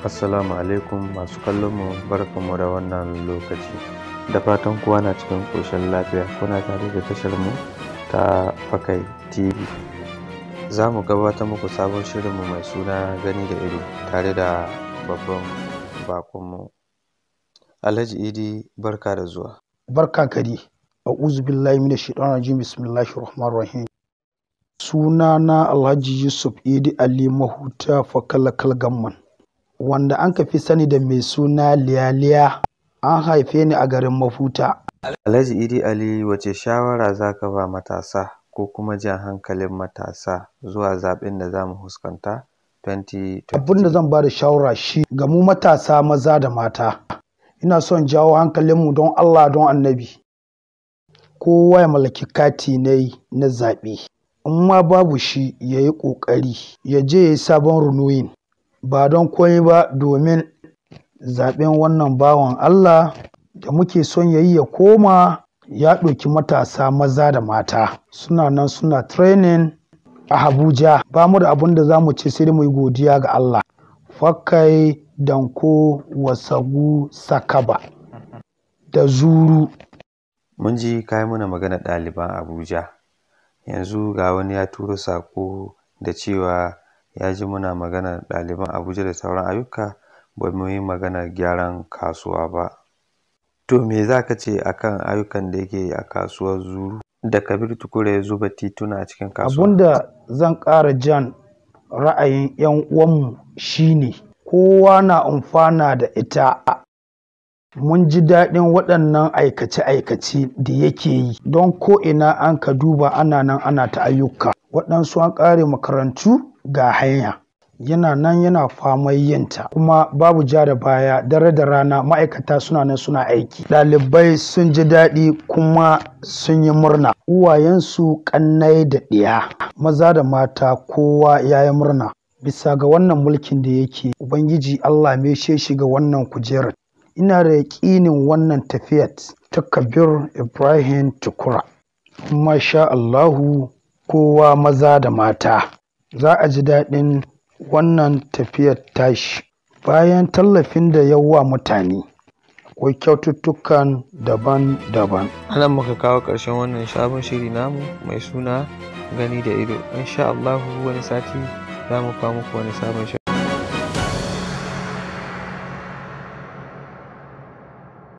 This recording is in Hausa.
Assalamu alaikum masu kallon mu barkanmu da wannan lokaci. Da fatan kuwa na cikin koshin lafiya kuna tare da tashar mu ta Fakai TV. Za mu gabatar muku sabon shirin mu mai suna gani da ido tare da babban bakonmu Alhaji Idi barka da zuwa. Barka kari. A'udhu billahi minash shaitanir rajim bismillahi rahman rahim. Suna na Alhaji Yusuf Idi Ali Mahuta Fakalakal Gamman. wanda anka fi sani da mai suna liyaliya an haife ni a garin Mafuta. Alhaji Idi Ali wace shawara za ka ba matasa ko kuma jan hankalin matasa zuwa zaɓen da za mu huskanta 2020? Abin da zan ba da shawara shi ga mu matasa maza da mata. Ina son jawo hankalinmu don Allah don annabi. Kowa ya mallaki kati na yi na zaɓe. In ma babu shi ya yi ƙoƙari ya je ya yi sabon runoyin. ba don komai ba domin zaɓen wannan bawan Allah da muke son ya yi ya koma ya ɗauki matasa maza da mata suna nan suna training a Abuja ba mu da abin da za mu ce sai mu yi godiya ga Allah fakai danko wasagu sakaba da zuru mun ji kayan muna magana ɗaliban Abuja yanzu ga wani ya turo sako da cewa ya ji muna maganar ɗaliban Abuja da sauran ayyuka ba mu yi magana gyaran kasuwa ba. To me za ka ce a kan ayyukan da yake a kasuwar Zuru da Kabir Tukure ya zuba tituna a cikin kasuwa? Abun da zan ƙara jan ra'ayin 'yan uwanmu shi ne. kowa na amfana da ita mun ji daɗin waɗannan aikace-aikace da yake yi don ko ina an ka duba ana nan ana ta ayyuka waɗansu an ƙare makarantu ga hanya yana nan yana fama yinta kuma babu ja da baya dare da rana ma'aikata suna nan suna aiki ɗalibai sun ji daɗi kuma sun yi murna uwayensu kannai da ɗiya maza da mata kowa ya yi murna bisa ga wannan mulkin da yake ubangiji allah mai shi ga wannan kujerar ina da yaƙinin wannan tafiyat ta kabir ibrahim tukura masha allahu kowa maza da mata Za a ji daɗin wannan tafiyar tashi bayan tallafin da yawa mutane, akwai kyaututtukan daban-daban. anan maka muka kawo ƙarshen wannan sabon shiri namu mai suna "Gani da Ido". In sha Allah wani sati za mu kawo muku wani sabon shiri